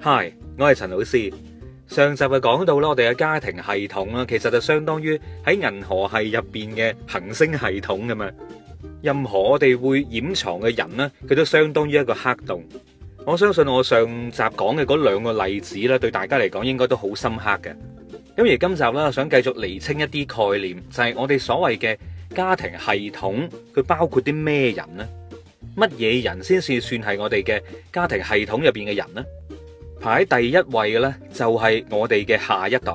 Hi，我係陳老師。上集嘅講到啦，我哋嘅家庭系統啦，其實就相當於喺銀河系入邊嘅行星系統咁樣。任何我哋會掩藏嘅人咧，佢都相當於一個黑洞。我相信我上集講嘅嗰兩個例子啦，對大家嚟講應該都好深刻嘅。咁而今集啦，我想繼續釐清一啲概念，就係我哋所謂嘅家庭系統，佢包括啲咩人咧？乜嘢人先至算係我哋嘅家庭系統入邊嘅人呢？排喺第一位嘅呢，就係、是、我哋嘅下一代。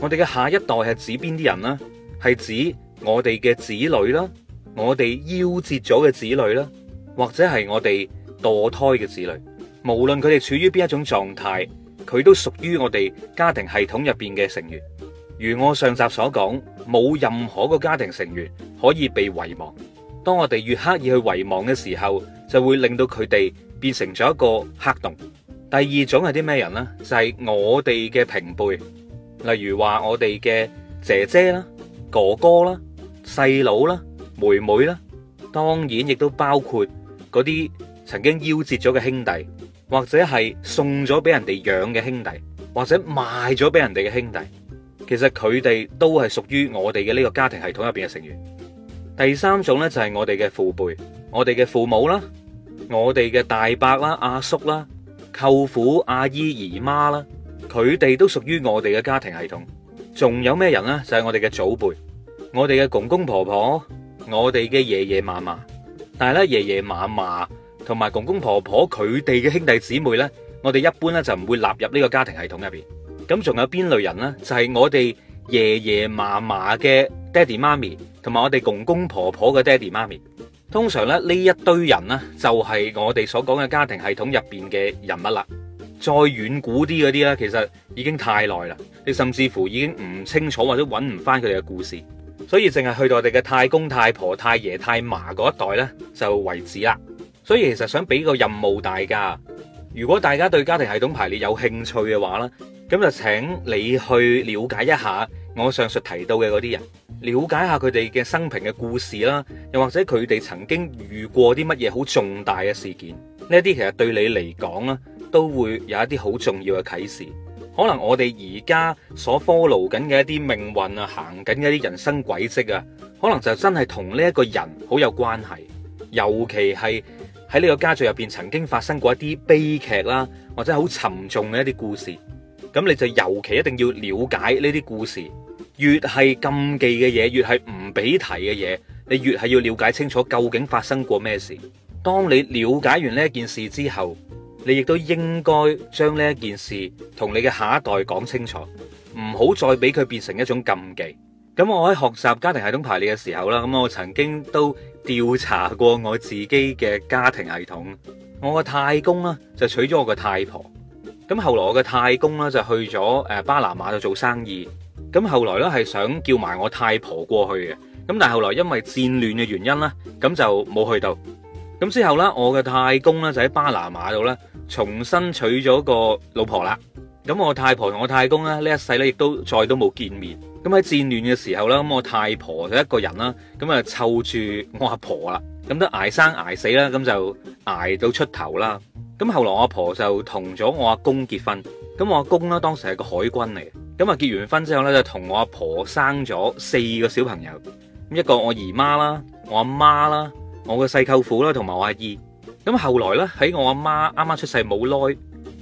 我哋嘅下一代係指邊啲人呢？係指我哋嘅子女啦，我哋夭折咗嘅子女啦，或者係我哋墮胎嘅子女。無論佢哋處於邊一種狀態，佢都屬於我哋家庭系統入邊嘅成員。如我上集所講，冇任何個家庭成員可以被遺忘。當我哋越刻意去遺忘嘅時候，就會令到佢哋變成咗一個黑洞。第二種係啲咩人呢？就係我哋嘅平輩，例如話我哋嘅姐姐啦、哥哥啦、細佬啦、妹妹啦，當然亦都包括嗰啲曾經夭折咗嘅兄弟，或者係送咗俾人哋養嘅兄弟，或者賣咗俾人哋嘅兄弟，其實佢哋都係屬於我哋嘅呢個家庭系統入邊嘅成員。第三種呢就係我哋嘅父輩，我哋嘅父母啦，我哋嘅大伯啦、阿叔啦。舅父、阿姨、姨媽啦，佢哋都屬於我哋嘅家庭系統。仲有咩人呢？就係我哋嘅祖輩，我哋嘅公公婆婆，我哋嘅爺爺嫲嫲。但係咧，爺爺嫲嫲同埋公公婆婆佢哋嘅兄弟姊妹呢，我哋一般咧就唔會納入呢個家庭系統入邊。咁仲有邊類人呢？就係我哋爺爺嫲嫲嘅爹哋媽咪，同埋我哋公公婆婆嘅爹哋媽咪。通常咧，呢一堆人呢，就係我哋所講嘅家庭系統入邊嘅人物啦。再遠古啲嗰啲呢，其實已經太耐啦，你甚至乎已經唔清楚或者揾唔翻佢哋嘅故事。所以淨係去到我哋嘅太公太婆太爺太嫲嗰一代呢，就為止啦。所以其實想俾個任務大家，如果大家對家庭系統排列有興趣嘅話呢，咁就請你去了解一下。我上述提到嘅嗰啲人，了解下佢哋嘅生平嘅故事啦，又或者佢哋曾經遇過啲乜嘢好重大嘅事件，呢一啲其實對你嚟講啦，都會有一啲好重要嘅啟示。可能我哋而家所 follow 緊嘅一啲命運啊，行緊嘅一啲人生軌跡啊，可能就真係同呢一個人好有關係。尤其係喺呢個家族入邊曾經發生過一啲悲劇啦，或者好沉重嘅一啲故事，咁你就尤其一定要了解呢啲故事。越係禁忌嘅嘢，越係唔俾提嘅嘢，你越係要了解清楚究竟發生過咩事。當你了解完呢件事之後，你亦都應該將呢件事同你嘅下一代講清楚，唔好再俾佢變成一種禁忌。咁我喺學習家庭系統排列嘅時候啦，咁我曾經都調查過我自己嘅家庭系統。我個太公呢就娶咗我個太婆，咁後來我嘅太公呢就去咗誒巴拿馬度做生意。咁後來咧係想叫埋我太婆過去嘅，咁但係後來因為戰亂嘅原因啦，咁就冇去到。咁之後咧，我嘅太公咧就喺巴拿馬度咧重新娶咗個老婆啦。咁我太婆同我太公咧呢一世咧亦都再都冇見面。咁喺戰亂嘅時候咧，咁我太婆就一個人啦，咁啊湊住我阿婆啦，咁都捱生捱死啦，咁就捱到出頭啦。咁後來我阿婆就同咗我阿公結婚。咁我阿公咧當時係個海軍嚟。咁啊，結完婚之後咧，就同我阿婆生咗四個小朋友，咁一個我姨媽啦，我阿媽啦，我個細舅父啦，同埋我阿姨。咁後來咧，喺我阿媽啱啱出世冇耐，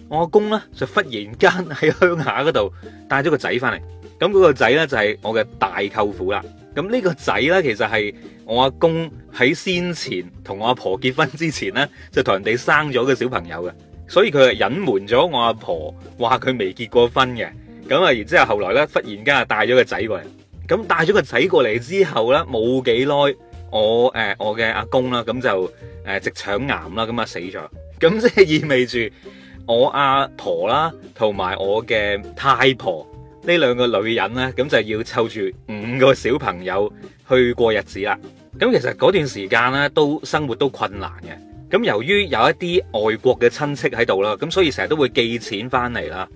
我阿公咧就忽然間喺鄉下嗰度帶咗個仔翻嚟。咁嗰個仔咧就係我嘅大舅父啦。咁呢個仔咧其實係我阿公喺先前同我阿婆結婚之前咧就同人哋生咗個小朋友嘅，所以佢係隱瞞咗我阿婆話佢未結過婚嘅。咁啊，然之後後來咧，忽然間啊，帶咗個仔過嚟。咁帶咗個仔過嚟之後咧，冇幾耐，我誒、呃，我嘅阿公啦，咁就誒直腸癌啦，咁啊死咗。咁即係意味住我阿婆啦，同埋我嘅太婆呢兩個女人咧，咁就要湊住五個小朋友去過日子啦。咁其實嗰段時間咧，都生活都困難嘅。咁由於有一啲外國嘅親戚喺度啦，咁所以成日都會寄錢翻嚟啦。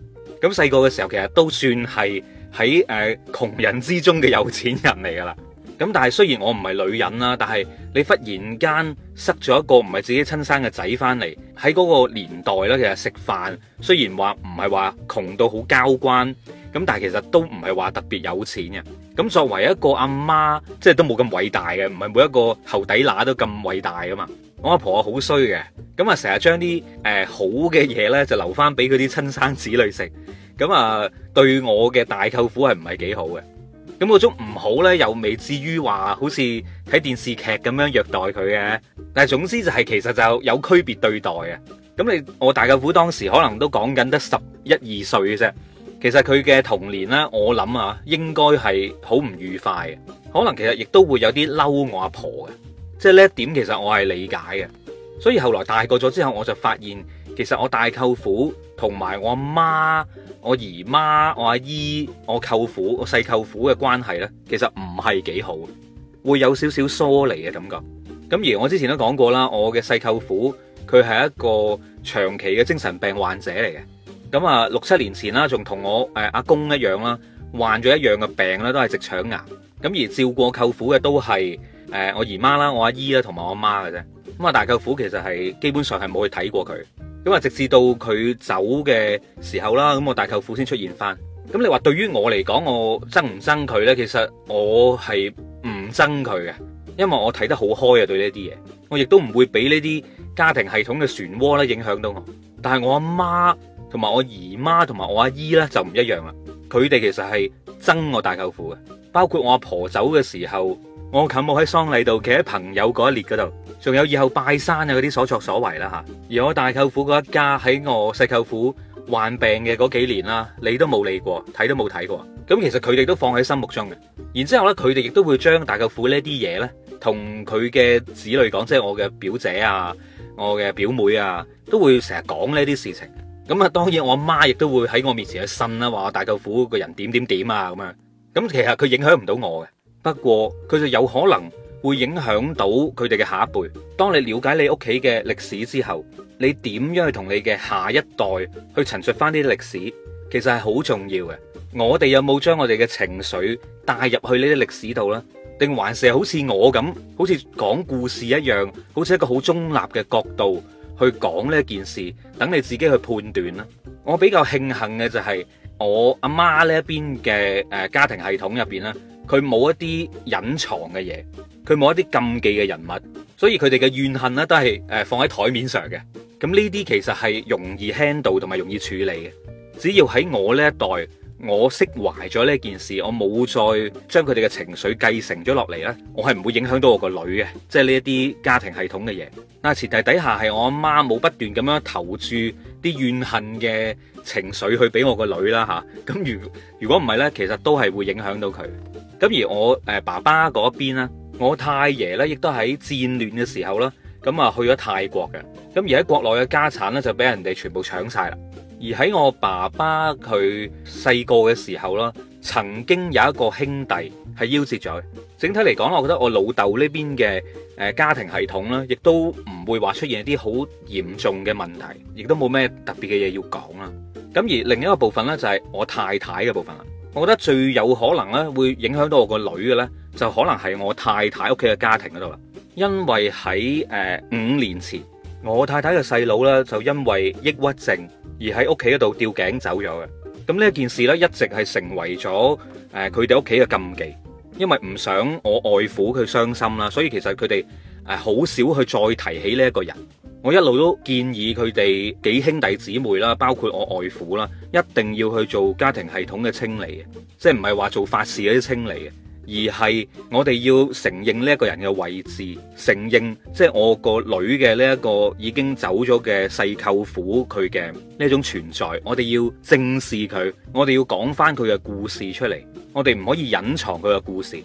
咁細個嘅時候，其實都算係喺誒窮人之中嘅有錢人嚟噶啦。咁但係雖然我唔係女人啦，但係你忽然間塞咗一個唔係自己親生嘅仔翻嚟，喺嗰個年代咧，其實食飯雖然話唔係話窮到好交關，咁但係其實都唔係話特別有錢嘅。咁作為一個阿媽，即係都冇咁偉大嘅，唔係每一個後底乸都咁偉大噶嘛。我阿婆啊好衰嘅，咁啊成日將啲誒好嘅嘢咧就留翻俾佢啲親生子女食，咁啊對我嘅大舅父係唔係幾好嘅，咁嗰種唔好咧又未至於話好似睇電視劇咁樣虐待佢嘅，但係總之就係、是、其實就有區別對待嘅，咁你我大舅父當時可能都講緊得十一二歲嘅啫，其實佢嘅童年咧我諗啊應該係好唔愉快嘅，可能其實亦都會有啲嬲我阿婆嘅。即係呢一點，其實我係理解嘅，所以後來大個咗之後，我就發現，其實我大舅父同埋我媽、我姨媽、我阿姨、我舅父、我細舅父嘅關係呢，其實唔係幾好，會有少少疏離嘅感覺。咁而我之前都講過啦，我嘅細舅父佢係一個長期嘅精神病患者嚟嘅。咁啊，六七年前啦，仲同我誒阿公一樣啦，患咗一樣嘅病咧，都係直腸癌。咁而照顧舅父嘅都係。誒、呃，我姨媽啦，我阿姨啦，同埋我阿媽嘅啫。咁啊，大舅父其實係基本上係冇去睇過佢。咁啊，直至到佢走嘅時候啦，咁我大舅父先出現翻。咁你話對於我嚟講，我憎唔憎佢呢？其實我係唔憎佢嘅，因為我睇得好開啊，對呢啲嘢，我亦都唔會俾呢啲家庭系統嘅漩渦咧影響到我。但係我阿媽同埋我姨媽同埋我阿姨呢，就唔一樣啦。佢哋其實係憎我大舅父嘅，包括我阿婆走嘅時候。我舅母喺喪禮度，企喺朋友嗰一列嗰度，仲有以後拜山啊嗰啲所作所為啦吓、啊。而我大舅父嗰一家喺我細舅父患病嘅嗰幾年啦、啊，你都冇理過，睇都冇睇過。咁其實佢哋都放喺心目中嘅。然之後咧，佢哋亦都會將大舅父呢啲嘢呢，同佢嘅子女講，即係我嘅表姐啊，我嘅表妹啊，都會成日講呢啲事情。咁啊，當然我媽亦都會喺我面前去呻啦，話我大舅父個人點點點啊咁樣。咁其實佢影響唔到我嘅。不過佢就有可能會影響到佢哋嘅下一輩。當你了解你屋企嘅歷史之後，你點樣去同你嘅下一代去陳述翻啲歷史，其實係好重要嘅。我哋有冇將我哋嘅情緒帶入去呢啲歷史度呢？定還是係好似我咁，好似講故事一樣，好似一個好中立嘅角度去講呢一件事，等你自己去判斷啦。我比較慶幸嘅就係我阿媽呢一邊嘅誒家庭系統入邊啦。佢冇一啲隱藏嘅嘢，佢冇一啲禁忌嘅人物，所以佢哋嘅怨恨呢都係誒放喺台面上嘅。咁呢啲其實係容易 handle 同埋容易處理嘅。只要喺我呢一代，我釋懷咗呢件事，我冇再將佢哋嘅情緒繼承咗落嚟呢，我係唔會影響到我個女嘅。即係呢一啲家庭系統嘅嘢。但係前提底下係我阿媽冇不斷咁樣投注啲怨恨嘅情緒去俾我個女啦吓，咁、啊、如如果唔係呢，其實都係會影響到佢。咁而我誒爸爸嗰邊啦，我太爺咧亦都喺戰亂嘅時候啦，咁啊去咗泰國嘅。咁而喺國內嘅家產咧就俾人哋全部搶晒啦。而喺我爸爸佢細個嘅時候啦，曾經有一個兄弟係夭折咗。整體嚟講，我覺得我老豆呢邊嘅誒家庭系統咧，亦都唔會話出現一啲好嚴重嘅問題，亦都冇咩特別嘅嘢要講啦。咁而另一個部分咧就係我太太嘅部分啦。我覺得最有可能咧，會影響到我個女嘅，呢就可能係我太太屋企嘅家庭嗰度啦。因為喺誒五年前，我太太嘅細佬呢，就因為抑鬱症而喺屋企嗰度吊頸走咗嘅。咁呢件事呢，一直係成為咗誒佢哋屋企嘅禁忌，因為唔想我外父佢傷心啦。所以其實佢哋誒好少去再提起呢一個人。我一路都建議佢哋幾兄弟姊妹啦，包括我外父啦，一定要去做家庭系統嘅清理，即係唔係話做法事嗰啲清理嘅，而係我哋要承認呢一個人嘅位置，承認即係、就是、我個女嘅呢一個已經走咗嘅細舅父佢嘅呢種存在，我哋要正視佢，我哋要講翻佢嘅故事出嚟，我哋唔可以隱藏佢嘅故事，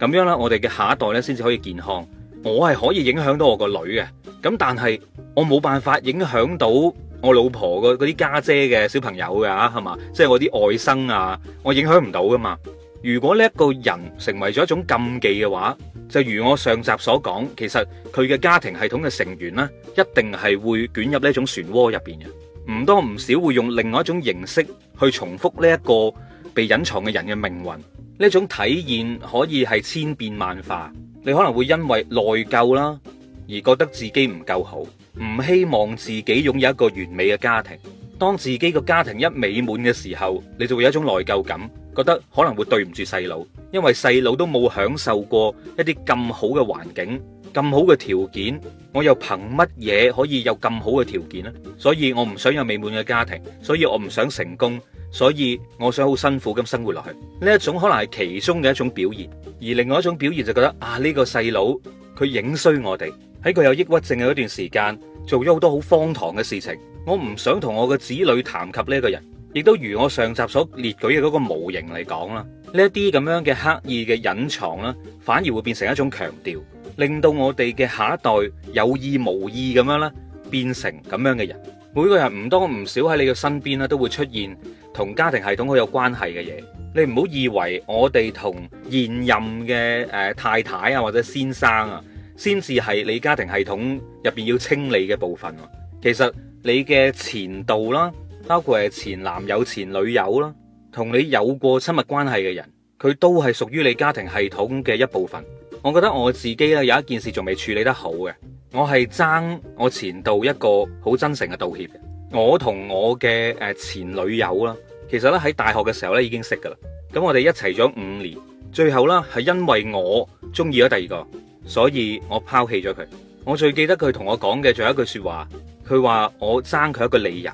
咁樣啦，我哋嘅下一代呢先至可以健康。我係可以影響到我個女嘅，咁但係。我冇辦法影響到我老婆嗰啲家姐嘅小朋友噶，係嘛？即係我啲外甥啊，我影響唔到噶嘛。如果呢一個人成為咗一種禁忌嘅話，就如我上集所講，其實佢嘅家庭系統嘅成員呢，一定係會捲入呢一種漩渦入邊嘅，唔多唔少會用另外一種形式去重複呢一個被隱藏嘅人嘅命運。呢種體驗可以係千變萬化，你可能會因為內疚啦而覺得自己唔夠好。唔希望自己擁有一個完美嘅家庭。當自己個家庭一美滿嘅時候，你就會有一種內疚感，覺得可能會對唔住細佬，因為細佬都冇享受過一啲咁好嘅環境、咁好嘅條件。我又憑乜嘢可以有咁好嘅條件呢？所以我唔想有美滿嘅家庭，所以我唔想成功，所以我想好辛苦咁生活落去。呢一種可能係其中嘅一種表現，而另外一種表現就覺得啊，呢個細佬佢影衰我哋。喺佢有抑鬱症嘅嗰段時間，做咗好多好荒唐嘅事情。我唔想同我嘅子女談及呢一個人，亦都如我上集所列舉嘅嗰個模型嚟講啦。呢一啲咁樣嘅刻意嘅隱藏啦，反而會變成一種強調，令到我哋嘅下一代有意無意咁樣啦，變成咁樣嘅人。每個人唔多唔少喺你嘅身邊啦，都會出現同家庭系統好有關係嘅嘢。你唔好以為我哋同現任嘅誒太太啊或者先生啊，先至係你家庭系統入邊要清理嘅部分。其實你嘅前度啦，包括係前男友、前女友啦，同你有過親密關係嘅人，佢都係屬於你家庭系統嘅一部分。我覺得我自己咧有一件事仲未處理得好嘅，我係爭我前度一個好真誠嘅道歉。我同我嘅誒前女友啦，其實咧喺大學嘅時候咧已經識㗎喇，咁我哋一齊咗五年，最後啦係因為我中意咗第二個。所以我拋棄咗佢。我最記得佢同我講嘅仲有一句說話，佢話我爭佢一個理由。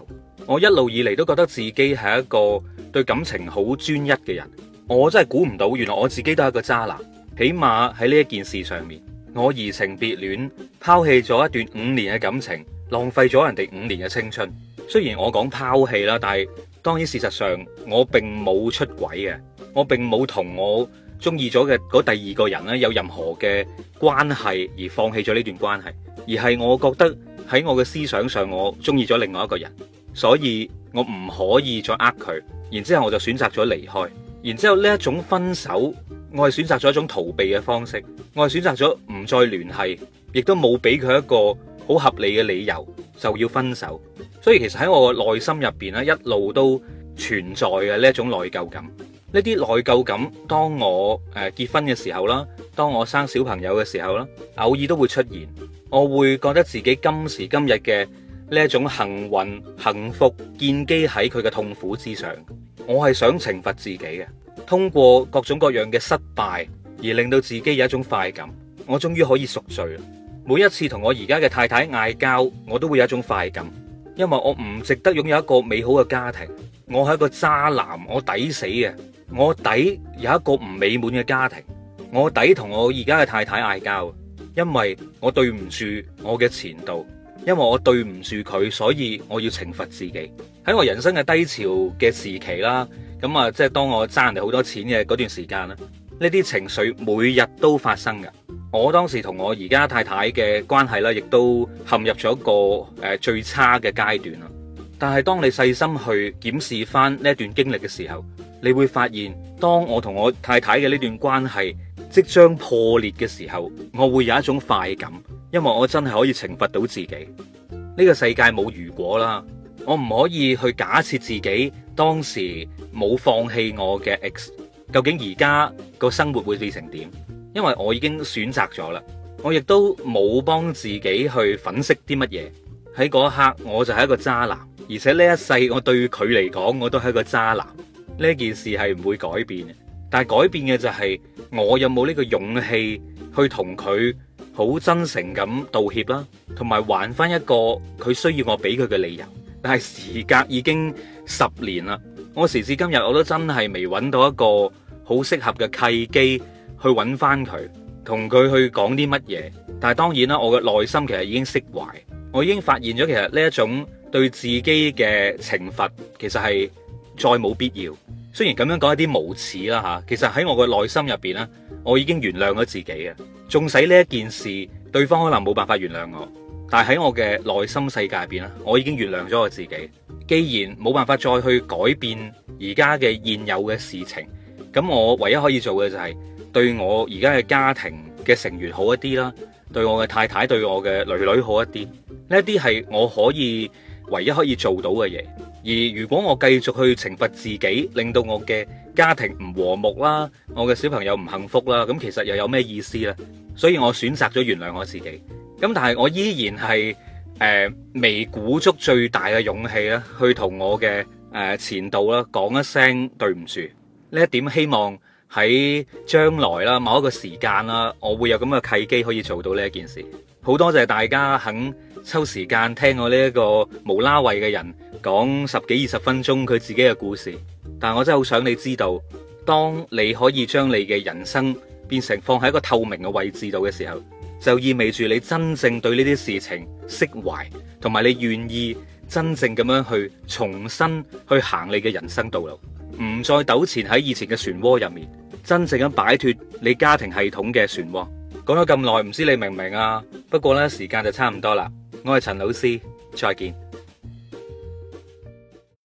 我一路以嚟都覺得自己係一個對感情好專一嘅人。我真係估唔到，原來我自己都係一個渣男。起碼喺呢一件事上面，我移情別戀，拋棄咗一段五年嘅感情，浪費咗人哋五年嘅青春。雖然我講拋棄啦，但係當然事實上我並冇出軌嘅，我並冇同我。中意咗嘅嗰第二個人咧，有任何嘅關係而放棄咗呢段關係，而係我覺得喺我嘅思想上，我中意咗另外一個人，所以我唔可以再呃佢。然之後我就選擇咗離開。然之後呢一種分手，我係選擇咗一種逃避嘅方式，我係選擇咗唔再聯繫，亦都冇俾佢一個好合理嘅理由就要分手。所以其實喺我嘅內心入邊咧，一路都存在嘅呢一種內疚感。呢啲內疚感，當我誒、呃、結婚嘅時候啦，當我生小朋友嘅時候啦，偶爾都會出現。我會覺得自己今時今日嘅呢一種幸運、幸福，建基喺佢嘅痛苦之上。我係想懲罰自己嘅，通過各種各樣嘅失敗而令到自己有一種快感。我終於可以贖罪。每一次同我而家嘅太太嗌交，我都會有一種快感，因為我唔值得擁有一個美好嘅家庭。我係一個渣男，我抵死嘅。我底有一個唔美滿嘅家庭，我底同我而家嘅太太嗌交，因為我對唔住我嘅前度，因為我對唔住佢，所以我要懲罰自己。喺我人生嘅低潮嘅時期啦，咁啊，即係當我爭人哋好多錢嘅嗰段時間啦，呢啲情緒每日都發生㗎。我當時同我而家太太嘅關係啦，亦都陷入咗一個誒最差嘅階段啦。但係當你細心去檢視翻呢一段經歷嘅時候，你會發現，當我同我太太嘅呢段關係即將破裂嘅時候，我會有一種快感，因為我真係可以懲罰到自己。呢個世界冇如果啦，我唔可以去假設自己當時冇放棄我嘅 ex，究竟而家個生活會變成點？因為我已經選擇咗啦，我亦都冇幫自己去粉飾啲乜嘢。喺嗰一刻，我就係一個渣男，而且呢一世我對佢嚟講，我都係一個渣男。呢件事係唔會改變，但係改變嘅就係我有冇呢個勇氣去同佢好真誠咁道歉啦，同埋還翻一個佢需要我俾佢嘅理由。但係時隔已經十年啦，我時至今日我都真係未揾到一個好適合嘅契機去揾翻佢，同佢去講啲乜嘢。但係當然啦，我嘅內心其實已經釋懷，我已經發現咗其實呢一種對自己嘅懲罰，其實係。再冇必要，雖然咁樣講一啲無恥啦吓，其實喺我個內心入邊咧，我已經原諒咗自己嘅。縱使呢一件事，對方可能冇辦法原諒我，但係喺我嘅內心世界入邊咧，我已經原諒咗我自己。既然冇辦法再去改變而家嘅現有嘅事情，咁我唯一可以做嘅就係對我而家嘅家庭嘅成員好一啲啦，對我嘅太太，對我嘅女女好一啲。呢一啲係我可以唯一可以做到嘅嘢。而如果我繼續去懲罰自己，令到我嘅家庭唔和睦啦，我嘅小朋友唔幸福啦，咁其實又有咩意思呢？所以我選擇咗原諒我自己。咁但係我依然係誒未鼓足最大嘅勇氣啦，去同我嘅誒、呃、前度啦講一聲對唔住。呢一點希望喺將來啦，某一個時間啦，我會有咁嘅契機可以做到呢一件事。好多謝大家肯抽時間聽我呢一個無啦位嘅人講十幾二十分鐘佢自己嘅故事，但我真係好想你知道，當你可以將你嘅人生變成放喺一個透明嘅位置度嘅時候，就意味住你真正對呢啲事情釋懷，同埋你願意真正咁樣去重新去行你嘅人生道路，唔再糾纏喺以前嘅漩渦入面，真正咁擺脱你家庭系統嘅漩渦。講咗咁耐，唔知你明唔明啊？不過呢，時間就差唔多啦。我係陳老師，再見。